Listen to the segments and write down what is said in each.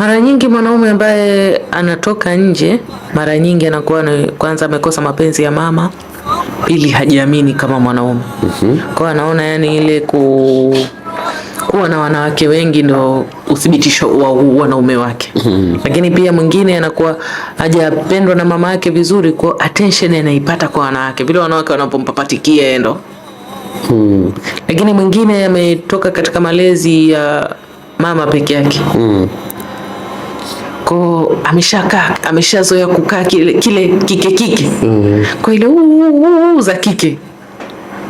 Mara nyingi mwanaume ambaye anatoka nje, mara nyingi anakuwa na kwanza amekosa mapenzi ya mama, ili hajiamini kama mwanaume mm -hmm. Kwa anaona yani ile ku kuwa na wanawake wengi ndo uthibitisho wa wanaume wake mm -hmm. Lakini pia mwingine anakuwa hajapendwa na mama yake vizuri, kwa attention anaipata kwa wanawake, vile wanawake wanapompapatikia ndo Hmm. Lakini mwingine ametoka katika malezi ya mama peke yake hmm. Ko ameshakaa ameshazoea kukaa kile kile kike kike mm. Kwa ile za kike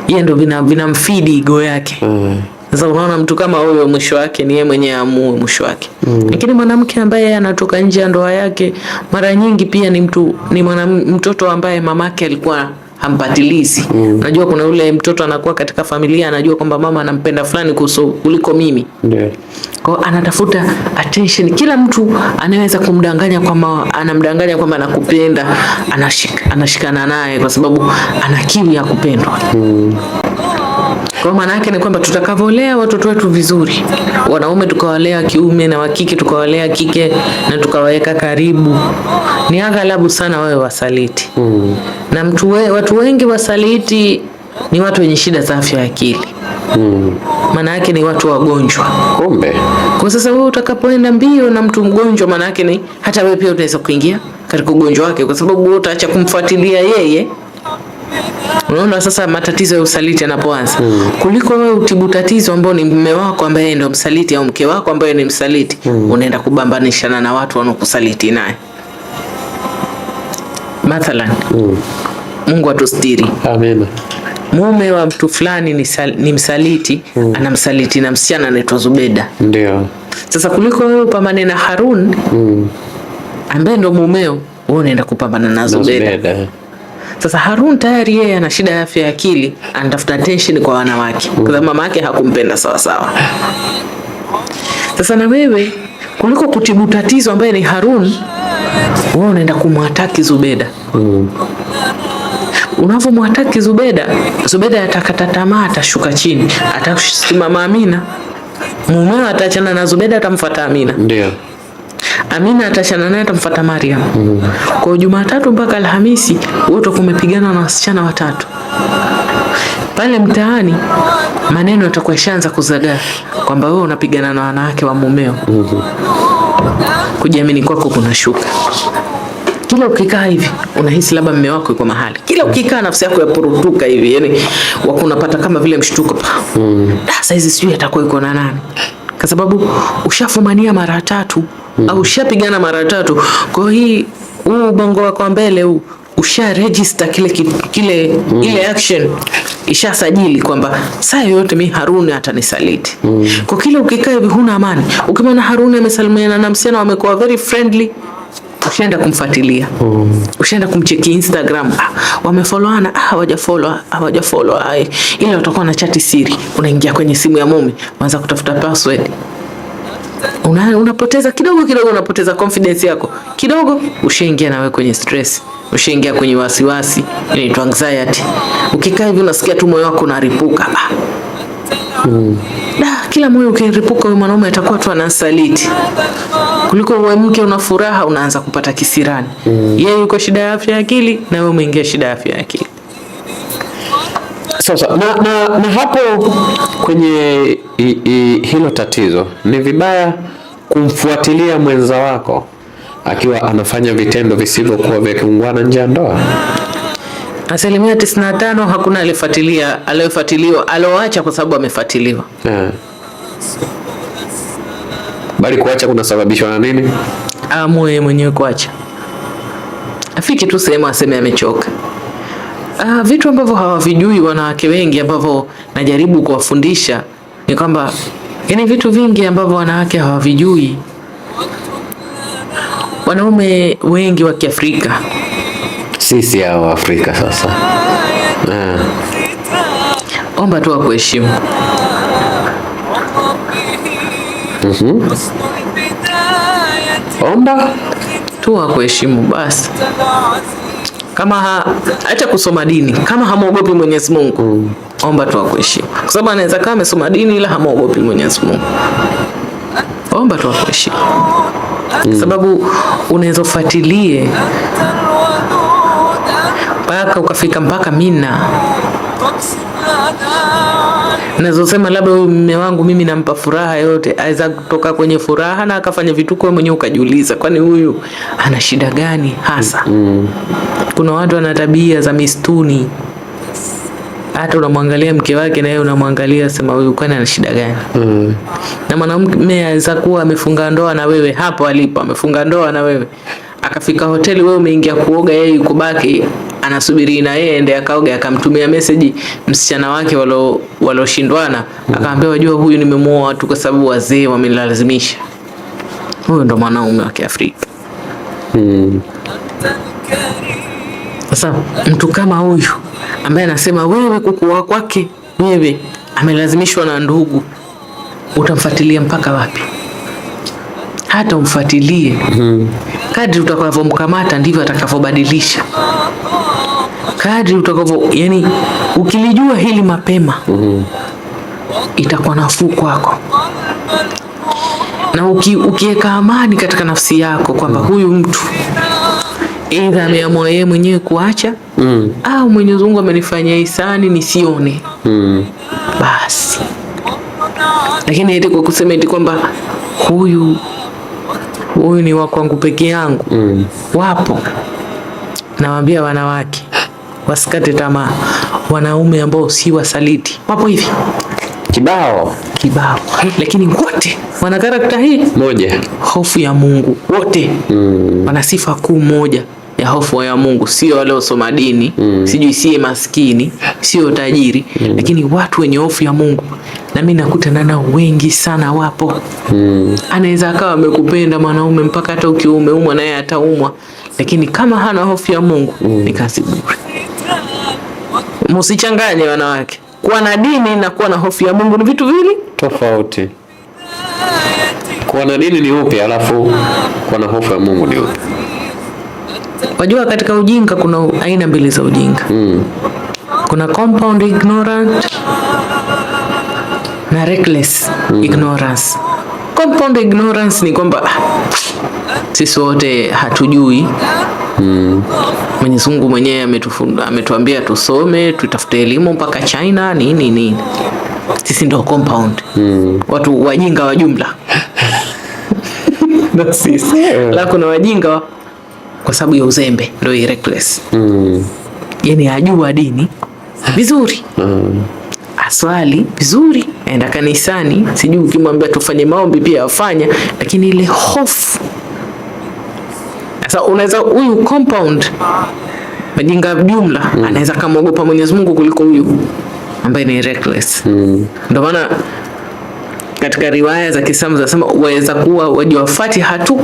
yeye ndo vinamfidi ego yake mm. Sasa unaona mtu kama huyo mwisho wake ni yeye mwenyewe amue mwisho wake mm. Lakini mwanamke ambaye anatoka nje ya ndoa yake mara nyingi pia ni mtu ni mwana, mtoto ambaye mamake alikuwa hampatilizi Mm. Unajua kuna yule mtoto anakuwa katika familia anajua kwamba mama anampenda fulani kuliko mimi. Ndio. Yeah. Kwa anatafuta attention, kila mtu anaweza kumdanganya kwamba anamdanganya kwamba anakupenda, anashikana naye kwa sababu ana kiu ya kupendwa. Mm. Kwa maana yake ni kwamba tutakavolea watoto wetu vizuri, wanaume tukawalea kiume na wakike tukawalea kike na tukawaweka karibu, ni aghalabu sana wawe wasaliti mm. na mtu we, watu wengi wasaliti ni watu wenye shida za afya ya akili mm. maana yake ni watu wagonjwa. Kumbe kwa sasa wewe utakapoenda mbio na mtu mgonjwa, maana yake ni hata wewe pia utaweza kuingia katika ugonjwa wake, kwa sababu utaacha kumfuatilia yeye Unaona sasa matatizo ya usaliti yanapoanza mm. kuliko wewe utibu tatizo ambao ni mume wako ambaye ndio msaliti au mke wako ambaye ni msaliti mm. unaenda kubambanishana na watu wanaokusaliti naye. Mathalan mm. Mungu atusitiri. Amen. Mume wa mtu fulani ni, sal, ni msaliti mm. anamsaliti na msichana anaitwa Zubeda. Ndio. Sasa kuliko wewe upambane na Harun mm. ambaye ndio mumeo, wewe unaenda kupambana na Zubeda. na Zubeda. Sasa Harun tayari yeye ana shida ya afya ya akili, anatafuta attention kwa wanawake kwa sababu mama yake hakumpenda sawa sawa. Sasa na wewe kuliko kutibu tatizo ambaye ni Harun, wewe unaenda kumwataki Zubeda mm. Unavyomwataki Zubeda, Zubeda atakata tamaa, atashuka chini, atasimama Amina, mumewe ataachana na Zubeda, atamfuata Amina, ndio Amina atachana naye atamfuata Mariam. Mm. Kwa Jumatatu mpaka Alhamisi wote kumepigana na wasichana watatu. Pale mtaani maneno yatakuwa yashaanza kuzagaa kwamba wewe unapigana na wanawake wa mumeo. Mm -hmm. Kujiamini kwako kuna shuka Kila ukikaa hivi unahisi labda mume wako yuko mahali. Kila ukikaa nafsi yako yapurutuka hivi, yani wako unapata kama vile mshtuko. Mm. Ah, saizi sijui atakuwa yuko na nani kwa sababu ushafumania mara tatu mm. au ushapigana mara tatu. Kwa hii huu ubongo wako mbele huu usha register kile, kile mm. ile action ishasajili kwamba saa yoyote mi Haruni atanisaliti mm. kwa kile ukikaa hivi huna amani, ukimwona Haruni amesalimiana na msichana wamekuwa very friendly ushaenda kumfuatilia mm. ushaenda kumcheki Instagram, ah, wamefollowana ah, ah, hawajafollow ah, ile watakuwa na chati siri. Unaingia kwenye simu ya mume, unaanza kutafuta password una, unapoteza kidogo kidogo, unapoteza confidence yako kidogo, ushaingia nawe kwenye stress, ushaingia kwenye wasiwasi, inaitwa anxiety. Ukikaa hivi unasikia tu moyo wako unaripuka ah. mm. Da, kila moyo ukiripuka, huyo mwanaume atakuwa tu anasaliti kuliko uwe mke una furaha unaanza kupata kisirani mm. Yeye yuko shida ya afya ya akili na wewe umeingia shida ya afya ya akili sasa. Na, na, na hapo kwenye i, i, hilo tatizo ni vibaya kumfuatilia mwenza wako akiwa anafanya vitendo visivyokuwa vya kiungwana nje ya ndoa. Asilimia 95 hakuna alifuatilia, aliyofuatiliwa, alioacha kwa sababu amefuatiliwa yeah. Bali kuacha kunasababishwa na nini? Amue mwenyewe kuacha. Afike tu sehemu aseme amechoka. Ah, vitu ambavyo hawavijui wanawake wengi ambavyo najaribu kuwafundisha ni kwamba yani vitu vingi ambavyo wanawake hawavijui. Wanaume wengi wa Kiafrika sisi hao Afrika sasa. Ah. Omba tu kuheshimu mm -hmm. Omba tu akuheshimu basi, kama hata kusoma dini, kama hamwogopi Mwenyezi Mungu mm. Omba tu akuheshimu, kwa sababu anaweza kama amesoma dini ila hamwogopi Mwenyezi Mungu. Omba tu akuheshimu mm. Sababu unaweza ufuatilie mpaka ukafika mpaka Mina nazosema labda huyu mume wangu mimi nampa furaha yote, aweza kutoka kwenye furaha na akafanya vituko, wewe mwenyewe ukajiuliza, kwani huyu ana shida gani hasa? mm -hmm. Kuna watu wana tabia za mistuni, hata unamwangalia mke wake na yeye unamwangalia, sema huyu kwani ana shida gani? mm -hmm. Na mwanaume aweza kuwa amefunga ndoa na wewe, hapo alipo amefunga ndoa na wewe, akafika hoteli, wewe umeingia kuoga, yeye yuko baki anasubiri na yeye ende akaoge, akamtumia message msichana wake walo waloshindwana, akaambia wajua, huyu nimemuoa watu kwa sababu wazee wamenilazimisha. Huyo ndo mwanaume wa Kiafrika. Mm. Sasa mtu kama huyu ambaye anasema wewe kukua kwake wewe amelazimishwa na ndugu, utamfuatilia mpaka wapi? Hata umfuatilie, hmm. kadri utakavyomkamata ndivyo atakavyobadilisha kadri utakavyo, yani ukilijua hili mapema mm -hmm. itakuwa nafuu kwako na uki, ukiweka amani katika nafsi yako kwamba mm-hmm. huyu mtu aidha ameamua yeye mwenyewe kuacha mm. au Mwenyezi Mungu amenifanyia ihsani nisione mm. basi. Lakini eti kwa kusema eti kwamba huyu huyu ni wa kwangu peke yangu mm. wapo, nawaambia wanawake wasikate tamaa, wanaume ambao si wasaliti wapo hivi kibao kibao, lakini wote wana karakta hii moja, hofu ya Mungu wote mm. wana sifa kuu moja ya hofu ya Mungu, sio wasoma dini mm. sijui sie maskini sio tajiri mm. lakini watu wenye hofu ya Mungu na mimi nakutana nao wengi sana wapo mm. anaweza akawa amekupenda mwanaume mpaka hata ukiumeumwa naye ataumwa, lakini kama hana hofu ya Mungu mm. ni kazi bure. Musichanganye wanawake, kuwa na dini na kuwa na hofu ya Mungu ni vitu viwili tofauti. Kuwa na dini ni upi, alafu kuwa na hofu ya Mungu ni upi? Wajua, katika ujinga kuna aina mbili za ujinga mm. Kuna compound ignorant na reckless mm. ignorance compound ignorance ni kwamba sisi wote hatujui hmm. Mwenyezi Mungu mwenyewe ametuambia tusome, tutafute elimu mpaka China nini nini, sisi ndo compound mm. Watu wajinga wa jumla na sisi hmm. la kuna wajinga kwa sababu ya uzembe ndio reckless mm. Yani ajua dini vizuri mm swali vizuri, aenda kanisani, sijui ukimwambia tufanye maombi pia afanya, lakini ile hofu sasa, unaweza huyu compound majinga jumla mm. anaweza kamwogopa Mwenyezi Mungu kuliko huyu ambaye ni reckless mm. Ndio maana katika riwaya za Kiislamu zinasema waweza kuwa wajiwafati hatu,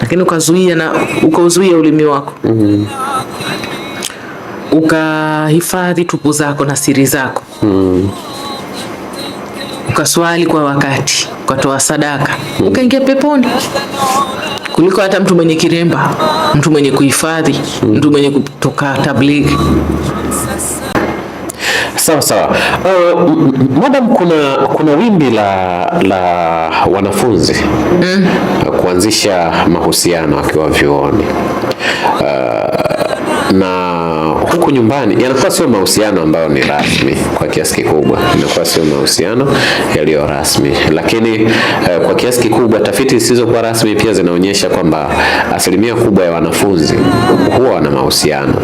lakini ukazuia na ukauzuia ulimi wako mm -hmm ukahifadhi tupu zako na siri zako hmm. ukaswali kwa wakati, ukatoa sadaka hmm. ukaingia peponi kuliko hata mtu mwenye kiremba, mtu mwenye kuhifadhi hmm. mtu mwenye kutoka tablighi. Sawa sawa. Uh, madam, kuna kuna wimbi la la wanafunzi mm. Uh, kuanzisha mahusiano akiwa vyuoni uh, na huku nyumbani yanakuwa sio mahusiano ambayo ni rasmi kwa kiasi kikubwa, inakuwa sio mahusiano yaliyo rasmi. Lakini eh, kwa kiasi kikubwa tafiti zisizokuwa rasmi pia zinaonyesha kwamba asilimia kubwa ya wanafunzi huwa wana mahusiano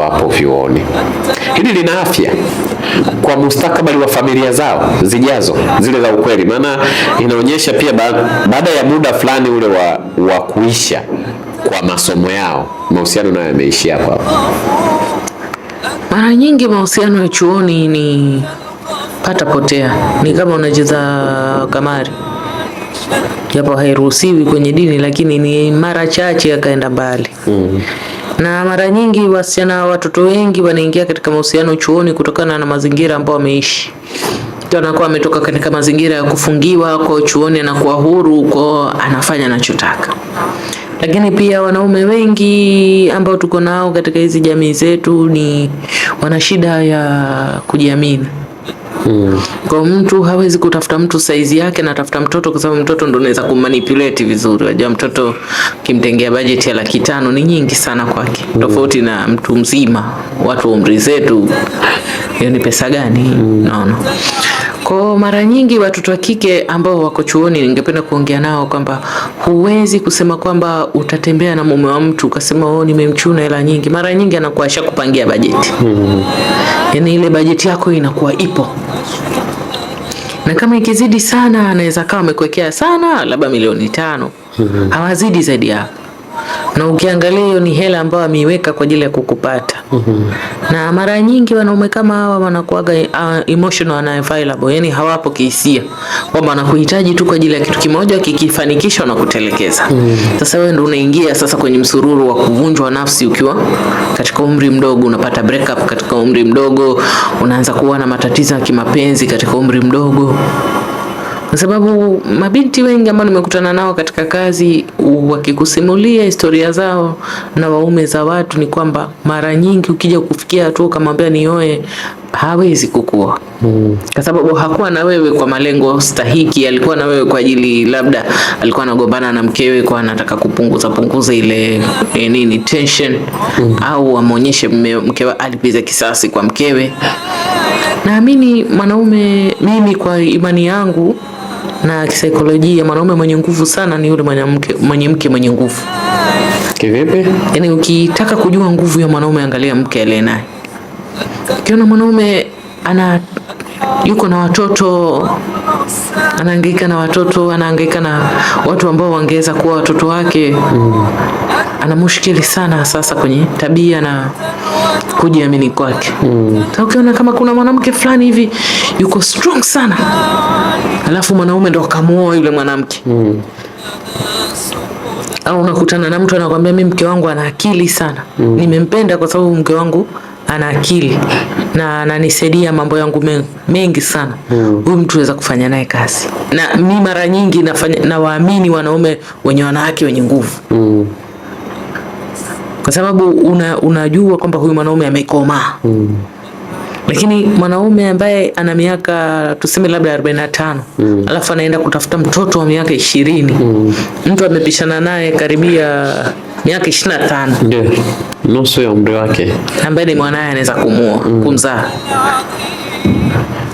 wapo vyuoni. Hili lina afya kwa mustakabali wa familia zao zijazo zile za ukweli, maana inaonyesha pia baada ya muda fulani ule wa, wa kuisha kwa masomo yao mahusiano nayo yameishia hapo. Mara nyingi mahusiano ya chuoni ni pata potea, ni kama unacheza kamari, japo hairuhusiwi kwenye dini, lakini ni mara chache yakaenda mbali mm. Na mara nyingi wasichana, watoto wengi wanaingia katika mahusiano chuoni kutokana na mazingira ambayo wameishi anakuwa ametoka katika mazingira ya kufungiwa, kwa chuoni anakuwa huru, kwa anafanya anachotaka. Lakini pia wanaume wengi ambao tuko nao katika hizi jamii zetu ni wana shida ya kujiamini. Hmm. Kwa mtu hawezi kutafuta mtu saizi yake na tafuta mtoto kwa sababu mtoto ndo unaweza kumanipulate vizuri. Unajua mtoto kimtengea bajeti ya laki tano ni nyingi sana kwake. Hmm. Tofauti na mtu mzima, watu wa umri zetu hiyo ni pesa gani? Hmm. Naona. No. Kwa mara nyingi watoto wa kike ambao wako chuoni, ningependa kuongea nao kwamba huwezi kusema kwamba utatembea na mume wa mtu ukasema oh, nimemchuna hela nyingi. Mara nyingi anakuwa ashakupangia bajeti mm -hmm. Yaani ile bajeti yako inakuwa ipo na kama ikizidi sana, anaweza kawa amekuwekea sana, labda milioni tano, mm-hmm. hawazidi zaidi ya na ukiangalia hiyo ni hela ambayo ameiweka kwa ajili ya kukupata. mm -hmm. Na mara nyingi wanaume kama hawa wanakuaga uh, emotional and available, yani hawapo kihisia, kwamba wanakuhitaji tu kwa ajili ya kitu kimoja, kikifanikishwa na kutelekeza. mm -hmm. Sasa wewe ndio unaingia sasa kwenye msururu wa kuvunjwa nafsi ukiwa katika umri mdogo, unapata breakup katika umri mdogo, unaanza kuwa na matatizo ya kimapenzi katika umri mdogo kwa sababu mabinti wengi ambao nimekutana nao katika kazi wakikusimulia historia zao na waume za watu, ni kwamba mara nyingi ukija kufikia hatua ukamwambia nioe hawezi kukua mm. Kwa sababu hakuwa na wewe kwa malengo stahiki, alikuwa na wewe kwa ajili labda alikuwa anagombana na mkewe kwa anataka kupunguza punguza ile e, nini tension mm. Au amwonyeshe mkewe alipiza kisasi kwa mkewe. Naamini mwanaume, mimi kwa imani yangu na kisaikolojia, mwanaume mwenye nguvu sana ni yule mwanamke mwenye mke mwenye nguvu. Kivipi? Yaani ukitaka kujua nguvu ya mwanaume, angalia mke aliye naye. Ukiona mwanaume ana yuko na watoto anaangaika na watoto, anaangaika na watu ambao wangeweza kuwa watoto wake mm. mushkili sana sasa kwenye tabia na kujiamini kwake mm. Ukiona kama kuna mwanamke fulani hivi yuko strong sana, alafu mwanaume ndo akamuoa yule mwanamke mm. Au unakutana na mtu anakwambia, mi mke wangu ana akili sana mm. Nimempenda kwa sababu mke wangu ana akili na ananisaidia mambo yangu mengi sana. Hmm. Huyu mm. mtu weza kufanya naye kazi, na mi mara nyingi nafanya nawaamini wanaume wenye wanawake wenye nguvu mm. kwa sababu una, unajua kwamba huyu mwanaume amekomaa mm. Lakini mwanaume ambaye ana miaka tuseme labda 45 mm. alafu anaenda kutafuta mtoto wa miaka ishirini mm. mtu amepishana naye karibia miaka ishirini na tano ndio nusu ya umri wake, ambaye ni mwanaye anaweza kumua mm. kumzaa.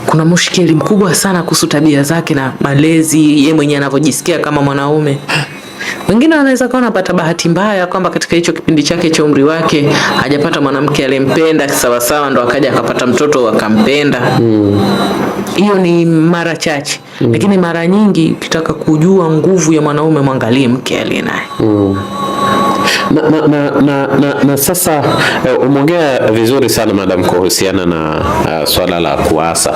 Kuna mushkeli mkubwa sana kuhusu tabia zake na malezi, ye mwenyewe anavyojisikia kama mwanaume wengine wanaweza kuwa wanapata bahati mbaya kwamba katika hicho kipindi chake cha umri wake hajapata mwanamke aliyempenda kisawasawa, ndo akaja akapata mtoto akampenda. Mm. Hiyo mm. ni mara chache mm. Lakini mara nyingi ukitaka kujua nguvu ya mwanaume, mwangalie mke aliye naye mm na, na, na, na, na, na sasa eh, umeongea vizuri sana madam, kuhusiana na uh, swala la kuasa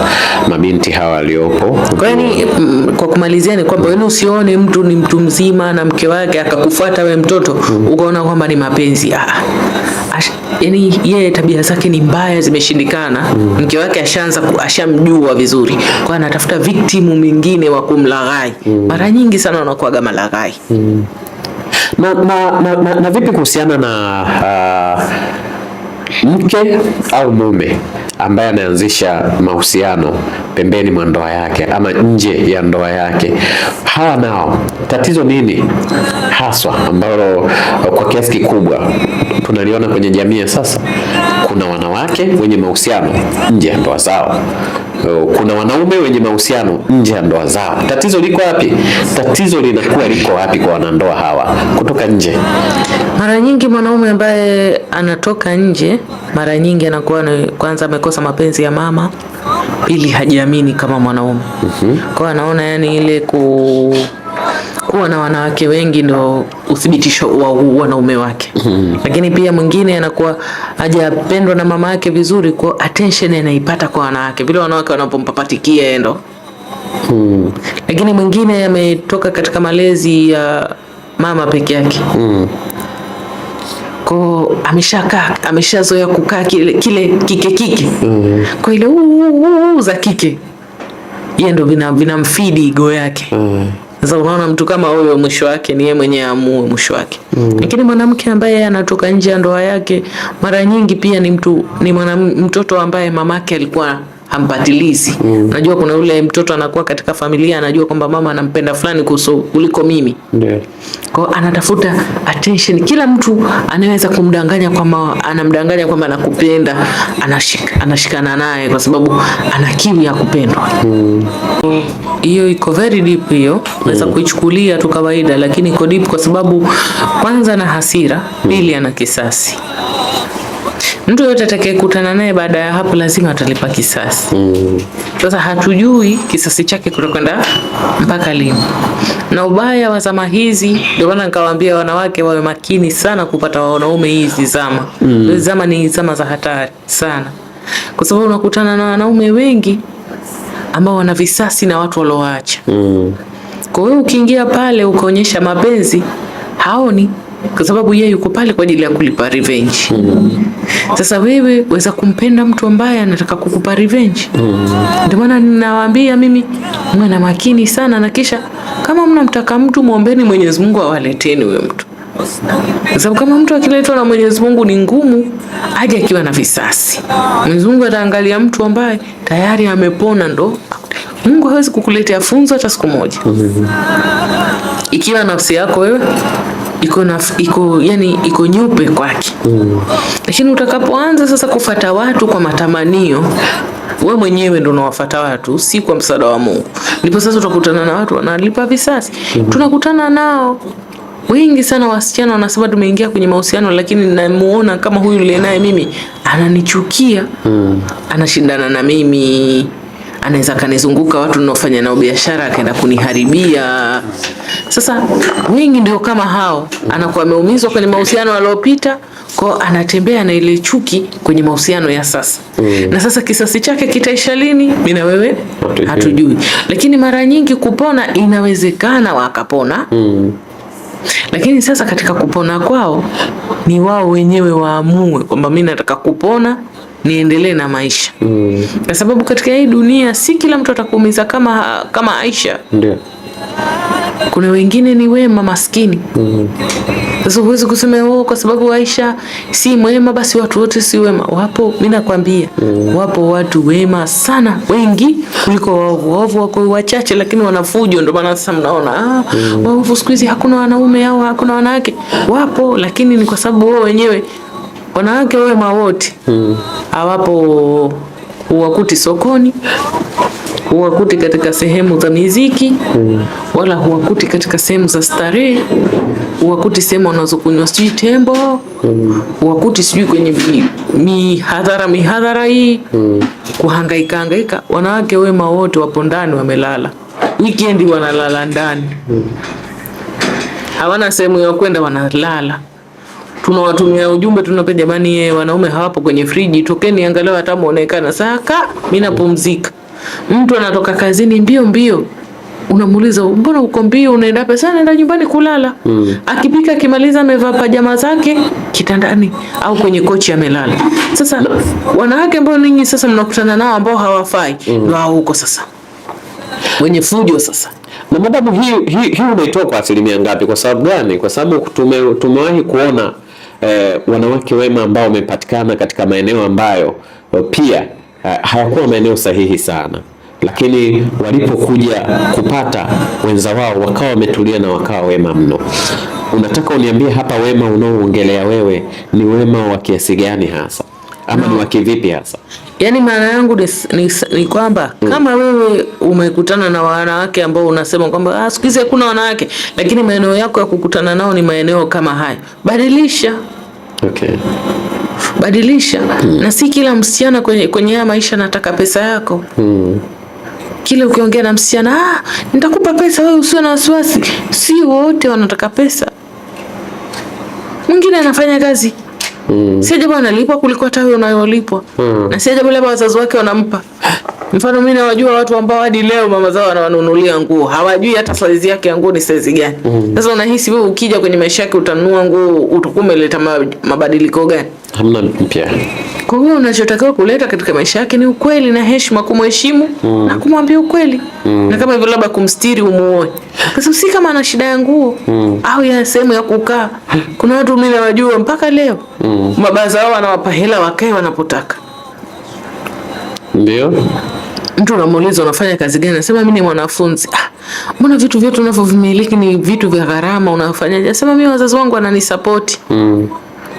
mabinti hawa waliopo. Kwa mm, kwa kumalizia ni kwamba wewe usione mtu ni mtu mzima na mke wake akakufuata we mtoto mm, ukaona kwamba ni mapenzi ya ah, Yani yeye tabia zake ni mbaya, zimeshindikana mm. Mke wake ashaanza ashamjua vizuri, kwa anatafuta victim mwingine wa kumlaghai mm. Mara nyingi sana wanakuaga malaghai mm na, na, na, na, na vipi kuhusiana na uh, mke au mume ambaye anaanzisha mahusiano pembeni mwa ndoa yake ama nje ya ndoa yake, hawa nao tatizo nini haswa ambalo kwa kiasi kikubwa tunaliona kwenye jamii sasa? kuna wanawake wenye mahusiano nje ya ndoa zao, kuna wanaume wenye mahusiano nje ya ndoa zao. Tatizo liko wapi? Tatizo linakuwa liko wapi kwa wanandoa hawa? Kutoka nje. Mara nyingi mwanaume ambaye anatoka nje, mara nyingi anakuwa kwanza amekosa mapenzi ya mama, pili hajiamini kama mwanaume. mm -hmm. Kwa anaona yani ile ku kuwa na wanawake wengi ndo uthibitisho wa wanaume wake mm. Lakini pia mwingine anakuwa hajapendwa na mama yake vizuri, kwa attention anaipata kwa wanawake, vile wanawake wanapompapatikia ndo mm. Lakini mwingine ametoka katika malezi ya mama peke yake mm. Ko ameshakaa ameshazoea kukaa kile, kile kike kike mm. Kwa ile za kike yeye ndo vinamfidi vina ego yake mm. Sasa unaona mtu kama huyo mwisho wake ni yeye mwenyewe amue mwisho wake. Mm. Lakini mwanamke ambaye anatoka nje ya ndoa yake mara nyingi pia ni mtu ni mwana, mtoto ambaye mamake alikuwa hampatilizi. Mm. Najua kuna yule mtoto anakuwa katika familia anajua kwamba mama anampenda fulani kuliko mimi. Ndio. Kwa anatafuta attention, kila mtu anaweza kumdanganya kwamba anamdanganya kwamba anakupenda, anashik, anashikana naye kwa sababu ana kiu ya kupendwa. Mm. Hiyo mm. iko very deep hiyo. Unaweza mm. kuichukulia tu kawaida lakini iko deep kwa sababu kwanza na hasira, mm. pili mm. ana kisasi. Mtu yoyote atakayekutana naye baada ya hapo lazima atalipa kisasi. Mm. Sasa mm. hatujui kisasi chake kutakwenda mpaka lini, na ubaya wa zama hizi, ndio maana nikawaambia wanawake wawe makini sana kupata wanaume hizi zama mm. zama ni zama za hatari sana, kwa sababu unakutana na wanaume wengi ambao wana visasi na watu walioacha mm. kwa hiyo ukiingia pale ukaonyesha mapenzi haoni kwa sababu yeye yuko pale kwa ajili ya kulipa revenge. Mm. Sasa wewe weza kumpenda mtu ambaye anataka kukupa revenge. Mm. Ndio maana ninawaambia mimi mwe na makini sana, na kisha kama mnamtaka mtu muombeni Mwenyezi Mungu awaleteni huyo mtu, kwa sababu kama mtu akiletwa na Mwenyezi Mungu ni ngumu aje akiwa na visasi. Mwenyezi Mungu ataangalia mtu ambaye tayari amepona, ndo Mungu hawezi kukuletea funzo hata siku moja. Mm. Ikiwa nafsi yako wewe iko na iko yani iko nyupe kwake mm. Lakini utakapoanza sasa kufata watu kwa matamanio, we mwenyewe ndo unawafata watu, si kwa msaada wa Mungu, ndipo sasa utakutana na watu wanalipa visasi mm. Tunakutana nao wengi sana, wasichana wanasema tumeingia kwenye mahusiano, lakini namuona kama huyu ile naye mimi ananichukia mm. Anashindana na mimi anaweza kanizunguka watu ninaofanya nao biashara akaenda kuniharibia. Sasa wengi ndio kama hao, anakuwa ameumizwa kwenye mahusiano aliyopita, kwa anatembea na ile chuki kwenye mahusiano ya sasa mm. Na sasa kisasi chake kitaisha lini, mimi na wewe hatujui, lakini mara nyingi kupona inawezekana wakapona mm. Lakini sasa katika kupona kwao ni wao wenyewe waamue kwamba mimi nataka kupona niendelee na maisha mm. Kwa sababu katika hii dunia si kila mtu atakuumiza kama, kama Aisha ndio. Kuna wengine ni wema maskini mm-hmm. sasa Huwezi kusema oh, kwa sababu Aisha si mwema basi watu wote si wema. Wapo, mimi nakwambia mm. Wapo watu wema sana wengi kuliko waovu. Waovu wako wachache, lakini wanafujo, ndio maana sasa mnaona ah, mm. Waovu siku hizi hakuna wanaume au hakuna wanawake. Wapo, lakini ni kwa sababu wao wenyewe wanawake wema wote hmm. hawapo mm. Huwakuti sokoni, huwakuti katika sehemu za miziki mm. Wala huwakuti katika sehemu za starehe, huwakuti sehemu wanazokunywa sijui tembo mm. Huwakuti sijui kwenye mihadhara mihadhara hii mm. Kuhangaika hangaika, wanawake wema wote wapo ndani, wamelala wikendi, wanalala ndani mm. Hawana sehemu ya kwenda, wanalala tunawatumia ujumbe tunapenda, jamani, yeye wanaume hawapo kwenye friji, tokeni angalau hata muonekana. Saa ka mimi napumzika, mtu anatoka kazini mbio mbio unamuuliza mbona uko mbio, unaenda pesa, naenda nyumbani kulala mm. Akipika akimaliza, amevaa pajama zake kitandani au kwenye kochi amelala. Sasa wanawake ambao ninyi sasa mnakutana nao ambao hawafai mm. wao huko sasa wenye fujo sasa na madhabu hii hii, hii unaitoa kwa asilimia ngapi? Kwa sababu gani? Kwa sababu tumewahi kuona eh, wanawake wema ambao wamepatikana katika maeneo ambayo eh, pia eh, hayakuwa maeneo sahihi sana, lakini walipokuja kupata wenza wao wakawa wametulia na wakawa wema mno. Unataka uniambie hapa, wema unaoongelea wewe ni wema wa kiasi gani hasa, ama ni wa kivipi hasa? Yaani maana yangu ni, ni, ni kwamba mm. kama wewe umekutana na wanawake ambao unasema kwamba ah, siku hizi hakuna wanawake, lakini maeneo yako ya kukutana nao ni maeneo kama haya, badilisha okay. badilisha mm. na si kila msichana kwenye, kwenye haya maisha nataka pesa yako mm. Kile ukiongea na msichana ah, nitakupa pesa wewe usiwe na wasiwasi. Si wote wanataka pesa, mwingine anafanya kazi mm. si ajabu analipwa kuliko hata huyo unayolipwa mm. na si ajabu labda wazazi wake wanampa mfano. Mimi nawajua watu ambao hadi leo mama zao wanawanunulia nguo, hawajui hata saizi yake ya nguo ni saizi gani. Mm. Sasa mm. unahisi wewe ukija kwenye maisha yake utanunua nguo utakuwa umeleta mabadiliko gani? Hamna mpya. Kwa hiyo unachotakiwa kuleta katika maisha yake ni ukweli na heshima, kumheshimu mm. na kumwambia ukweli mm. na kama hivyo labda kumstiri, umuoe, kwa si kama ana shida ya nguo mm. au ya sehemu ya kukaa. Kuna watu mimi nawajua mpaka leo mm. mabaza wao wanawapa hela wakae wanapotaka. Ndio mtu unamuuliza unafanya kazi gani, anasema mimi ni mwanafunzi. Ah, mbona vitu vyote unavyovimiliki ni vitu vya gharama, unafanyaje? Anasema mimi wazazi wangu wananisapoti mm.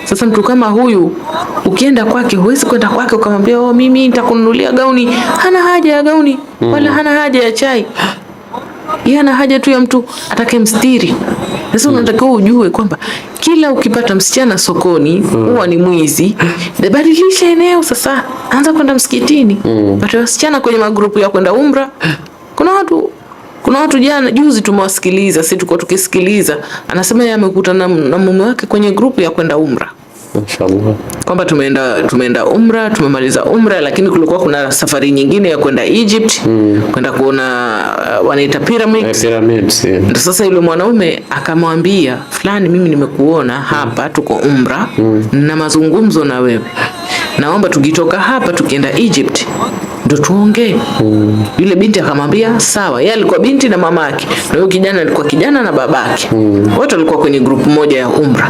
Sasa mtu kama huyu ukienda kwake, huwezi kwenda kwake ukamwambia oh, mimi nitakununulia gauni. Hana haja ya gauni mm. wala hana haja ya chai, yeye ana haja tu ya mtu atakayemstiri. Sasa unatakiwa ujue kwamba kila ukipata msichana sokoni mm. huwa ni mwizi. Badilisha eneo sasa, anza kwenda msikitini, mm. pata wasichana kwenye magrupu ya kwenda umra. Kuna watu kuna watu jana juzi tumewasikiliza, si tuko tukisikiliza, anasema yeye amekutana na mume wake kwenye grupu ya kwenda umra. Inshallah. Kwamba tumeenda tumeenda umra, tumemaliza umra, lakini kulikuwa kuna safari nyingine ya kwenda Egypt mm. kwenda kuona uh, wanaita pyramids. Eh, pyramids. Yeah. Sasa yule mwanaume akamwambia fulani, mimi nimekuona hapa mm. tuko umra mm. na mazungumzo na wewe, naomba tukitoka hapa tukienda Egypt ndo tuongee. Mm. Yule binti akamwambia sawa. Yeye alikuwa binti na mama yake, na huyo kijana alikuwa kijana na babake. Mm. Wote walikuwa kwenye grupu moja ya umra.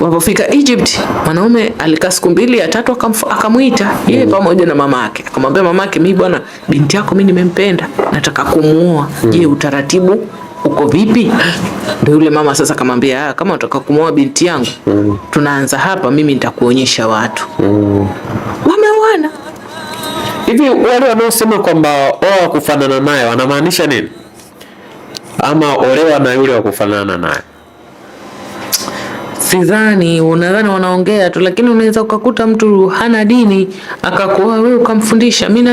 Walipofika Egypt, mwanaume alikaa siku mbili ya tatu, akamwita yeye mm. pamoja na mama yake, akamwambia mama yake, mimi bwana, binti yako mimi nimempenda, nataka kumuoa. Mm. Je, utaratibu uko vipi? Ndio yule mama sasa akamwambia, ah, kama unataka kumuoa binti yangu, mm. tunaanza hapa, mimi nitakuonyesha watu mm. Hivi wale wanaosema kwamba oa kufanana naye wanamaanisha nini? Ama olewa na yule wa kufanana naye? Sidhani, unadhani wanaongea tu, lakini unaweza ukakuta mtu hana dini akakuoa wewe ukamfundisha. Mimi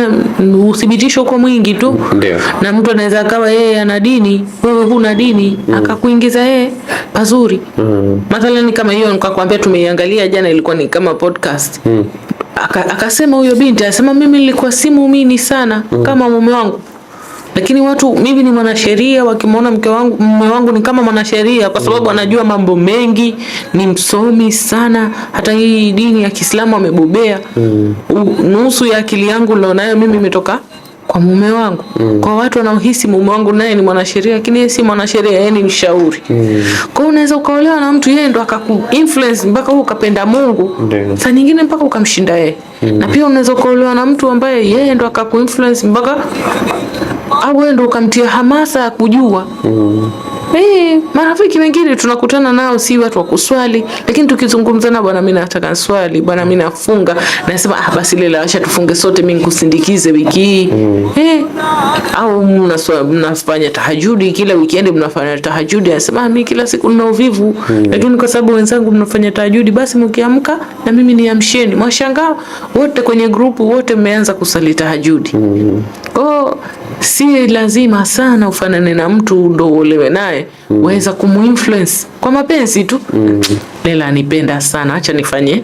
uthibitisho uko mwingi tu. Ndio. Na mtu anaweza akawa yeye ana dini, wewe huna dini, mm. akakuingiza yeye pazuri. Mm. Mathalani kama hiyo nikakwambia, tumeiangalia jana, ilikuwa ni kama podcast. Mm. Aka, akasema huyo binti anasema, mimi nilikuwa si muumini sana mm. kama mume wangu, lakini watu mimi ni mwanasheria, wakimwona mke wangu mume wangu ni kama mwanasheria, kwa sababu mm. anajua mambo mengi, ni msomi sana, hata hii dini ya Kiislamu amebobea mm. nusu ya akili yangu nilionayo mimi imetoka kwa mume wangu mm. Kwa watu wanaohisi mume wangu naye ni mwanasheria, lakini yeye si mwanasheria, yeye ni mshauri mm. Kwa hiyo unaweza ukaolewa na mtu yeye ndo influence mpaka wewe ukapenda Mungu mm. Saa nyingine mpaka ukamshinda yeye mm. Na pia unaweza ukaolewa na mtu ambaye yeye ndo influence mpaka au wewe ndo ukamtia hamasa ya kujua mm. Eh, marafiki wengine tunakutana nao si watu wa kuswali, lakini tukizungumza na bwana, mimi nataka swali, bwana mimi nafunga, nasema ah, basi lela, acha tufunge sote, mimi nikusindikize wiki hii. Mm. Eh, au mnafanya tahajudi kila wikendi, mnafanya tahajudi. Anasema ah, mi kila siku nina uvivu hmm, lakini kwa sababu wenzangu mnafanya tahajudi, basi mkiamka na mimi niamsheni. Mwashangaa wote kwenye grupu, wote mmeanza kusali tahajudi hmm. Kwa si lazima sana ufanane na mtu ndo uolewe naye mm. Waweza kumuinfluence kwa mapenzi tu hmm. Lela anipenda sana, acha nifanye